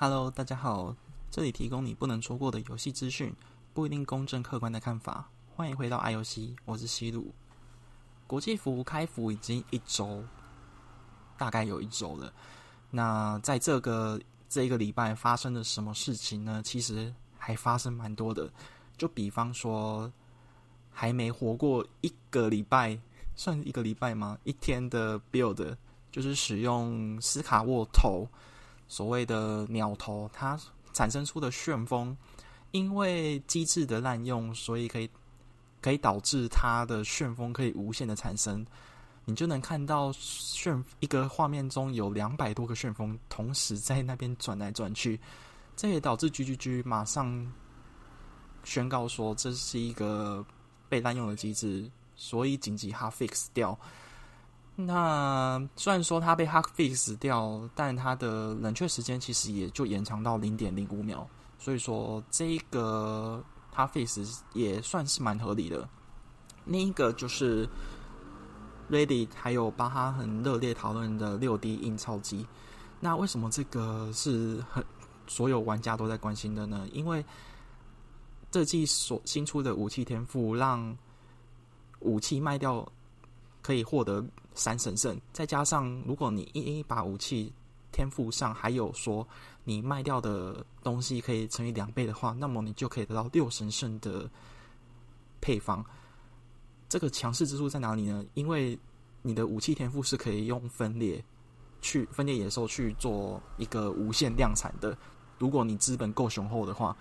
Hello，大家好！這裡提供你不能錯過的遊戲資訊，不一定公正客觀的看法。歡迎回到 IOC，我是西路。國際服開服已經一周，大概有一周了。那在這個這一個禮拜發生了什麼事情呢？其實還發生蠻多的。就比方說，還沒活過一個禮拜，算一個禮拜嗎？一天的 build 就是使用斯卡沃頭。所謂的鳥頭，它產生出的旋風，因為機制的濫用，所以可以可以導致它的旋風可以無限的產生。你就能看到旋一個畫面中有兩百多個旋風同時在那邊轉來轉去，這也導致 GGG 馬上宣告說這是一個被濫用的機制，所以緊急它 fix 掉。那雖然說它被 Hack Fix 掉，但它的冷卻時間其實也就延長到零點零五秒，所以說這個 Hack Fix 也算是蠻合理的。另一個就是 Reddit 還有巴哈很熱烈討論的六 D 印鈔機，那為什麼這個是很所有玩家都在關心的呢？因為這季所新出的武器天賦讓武器賣掉。可以獲得三神聖，再加上如果你一,一把武器天賦上還有說你賣掉的東西可以乘以兩倍的話，那麼你就可以得到六神聖的配方。這個強勢之處在哪裡呢？因為你的武器天賦是可以用分裂去分裂野獸去做一個無限量產的，如果你資本夠雄厚的話。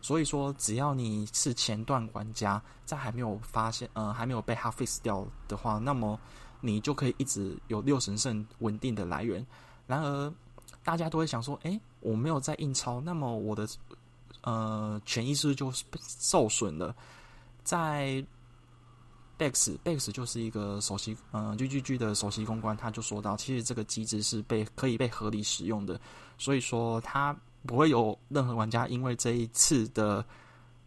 所以說，只要你是前段玩家，在還沒有發現呃還沒有被哈 fix 掉的話，那麼你就可以一直有六神聖穩定的來源。然而，大家都會想說，誒、欸，我沒有在印鈔，那麼我的呃權益是不是就受損了？在 Bex，Bex 就是一個首席呃 GGG 的首席公關，他就說到，其實這個機制是被可以被合理使用的。所以說他。不會有任何玩家因為這一次的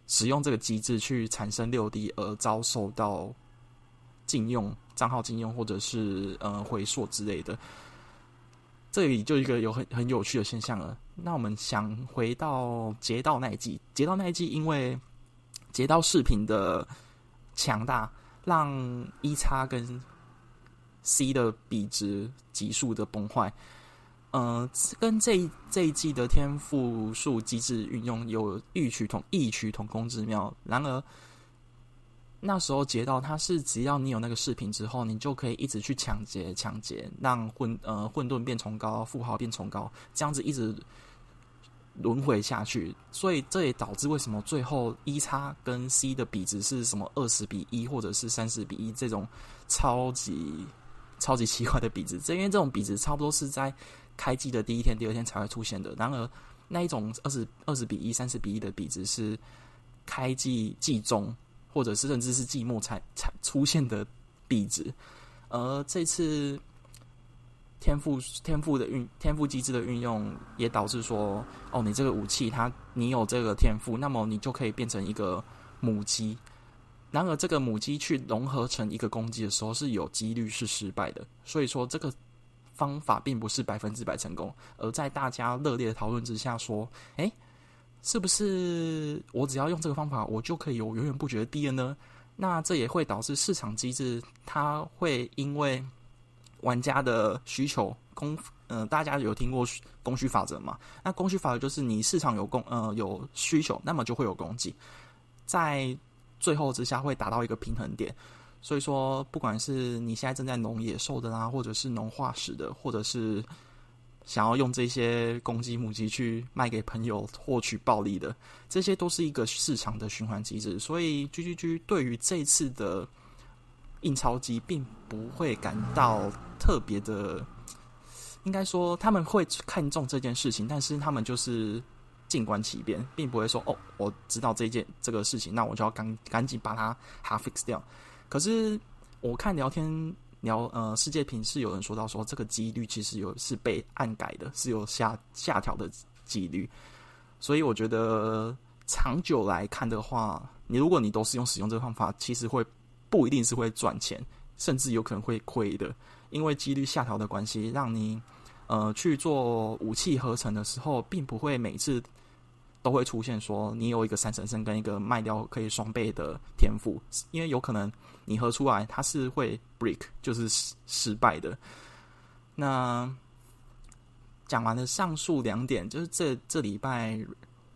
使用這個機制去產生六 D 而遭受到禁用賬號禁用或者是呃回溯之類的。這裡就一個有很很有趣的現象了。那我們想回到劫盜那一季，劫盜那一季因為劫盜視頻的強大，讓 E 叉跟 C 的比值急速的崩壞。呃，跟這一這一季的天賦樹機制運用有異曲同異曲同工之妙。然而那時候劫道他是只要你有那個飾品之後，你就可以一直去搶劫搶劫，讓混呃混沌變崇高，富豪變崇高，這樣子一直輪迴下去。所以這也導致為什麼最後 EX 跟 C 的比值是什麼二十比一，或者是三十比一這種超級超級奇怪的比值？這因為這種比值差不多是在。開季的第一天、第二天才會出現的。然而，那一種二十二十比一、三十比一的比值是開季、季中，或者是甚至是季末才才出現的比值。而、呃、這次天賦天賦的運天賦機制的運用，也導致說，哦，你這個武器它，它你有這個天賦，那麼你就可以變成一個母雞。然而，這個母雞去融合成一個公雞的時候，是有幾率是失敗的。所以說這個。方法並不是百分之百成功，而在大家熱烈的討論之下，說：“誒、欸，是不是我只要用這個方法，我就可以有源源不絕的利潤呢？”那這也會導致市場機制，它會因為玩家的需求供，呃，大家有聽過供需法則嗎？那供需法則就是你市場有供，呃，有需求，那麼就會有供給，在最後之下會達到一個平衡點。所以說，不管是你現在正在農野獸的啦、啊，或者是農化石的，或者是想要用這些公雞母雞去賣給朋友，獲取暴利的，這些都是一個市場的循環機制。所以 GGG 對於這次的印鈔機並不會感到特別的，應該說他們會看重這件事情，但是他們就是靜觀其變，並不會說哦，我知道這件這個事情，那我就要趕趕緊把它 hotfix 掉。可是我看聊天聊，呃世界頻，是有人說到說這個幾率其實有是被暗改的，是有下下調的幾率，所以我覺得長久來看的話，你如果你都是用使用這個方法，其實會不一定是會賺錢，甚至有可能會虧的，因為幾率下調的關係，讓你呃去做武器合成的時候，並不會每次。都會出現說你有一個三神聖，跟一個賣掉可以雙倍的天賦，因為有可能你合出來它是會 break，就是失敗的。那講完了上述兩點，就是這這禮拜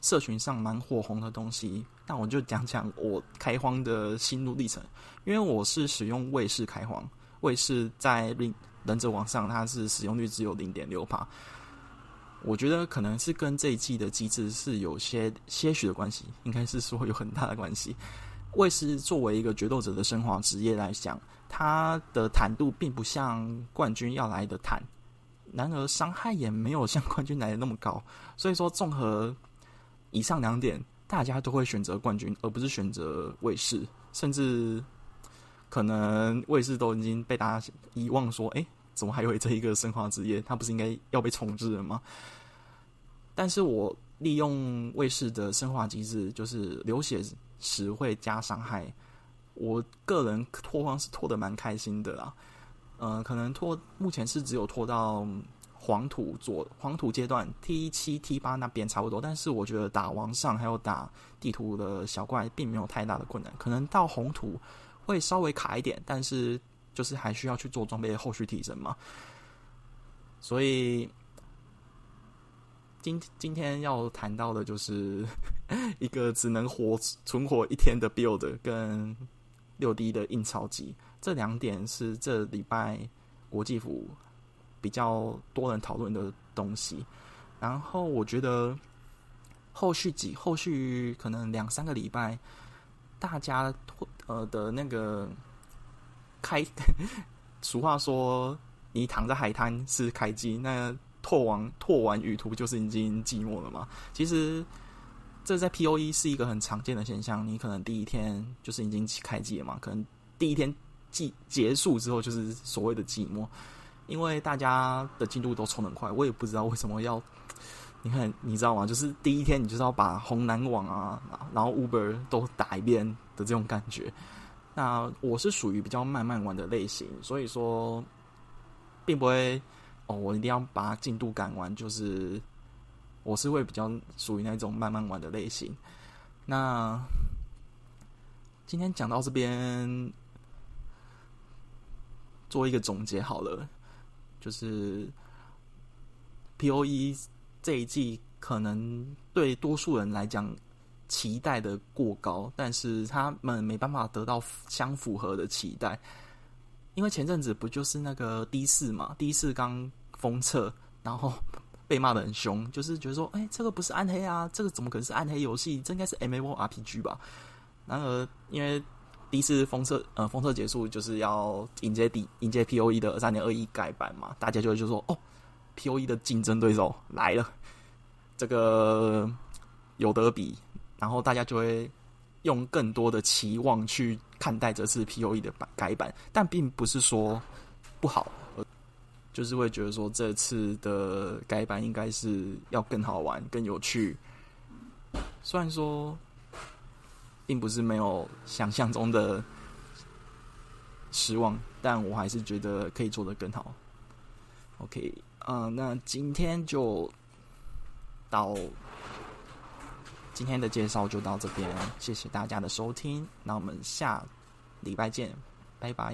社群上蠻火紅的東西，那我就講講我開荒的心路歷程，因為我是使用衛士開荒，衛士在忍者網上它是使用率只有零點六趴。我覺得可能是跟這一季的機制是有些些許的關係，應該是說有很大的關係。衛士作為一個決鬥者的升華職業來講，它的坦度並不像冠軍要來的坦，然而傷害也沒有像冠軍來的那麼高。所以說，綜合以上兩點，大家都會選擇冠軍，而不是選擇衛士，甚至可能衛士都已經被大家遺忘。說，哎、欸。怎麼還有這一個生化職業，它不是應該要被重置了嗎？但是我利用衛士的生化機制，就是流血時會加傷害。我個人拓荒是拓得蠻開心的啦。嗯、呃，可能拓目前是只有拓到黃土左黃土階段 T 七 T 八那邊差不多，但是我覺得打王上還有打地圖的小怪並沒有太大的困難，可能到紅土會稍微卡一點，但是。就是還需要去做裝備的後續提升嘛，所以今今天要談到的就是一個只能活存活一天的 build 跟六 D 的印鈔機，這兩點是這禮拜國際服比較多人討論的東西。然後我覺得後續幾後續可能兩三個禮拜，大家呃的那個。開，俗話說，你躺在海灘是開機，那拓完拓完旅途就是已經寂寞了嘛。其實，這在 P O E 是一個很常見的現象。你可能第一天就是已經開機了嘛，可能第一天記結束之後就是所謂的寂寞，因為大家的進度都衝很快。我也不知道為什麼要，你看，你知道嗎？就是第一天你就是要把紅藍網啊，然後 Uber 都打一遍的這種感覺。那我是屬於比較慢慢玩的類型，所以說，並不會哦，我一定要把進度趕完。就是，我是會比較屬於那種慢慢玩的類型。那今天講到這邊，做一個總結好了，就是 POE 這一季，可能對多數人來講，期待的過高，但是他們沒辦法得到相符合的期待，因為前陣子不就是那個 D4 嘛，D4 剛封測，然後被罵的很凶，就是覺得說，哎、欸，這個不是暗黑啊，這個怎麼可能是暗黑遊戲？這應該是 M M O R P G 吧？然而，因為 D4 封測，呃，封測結束就是要迎接 D，迎接 P O E》的三點二一改版嘛，大家就會就說，哦，《P O E》的競爭對手來了，這個有得比。然後大家就會用更多的期望去看待這次 POE 的改版，但並不是說不好，就是會覺得說這次的改版應該是要更好玩、更有趣。雖然說並不是沒有想象中的失望，但我還是覺得可以做得更好。OK，啊、嗯，那今天就到。今天的介紹就到這邊，謝謝大家的收聽，那我們下禮拜見，拜拜。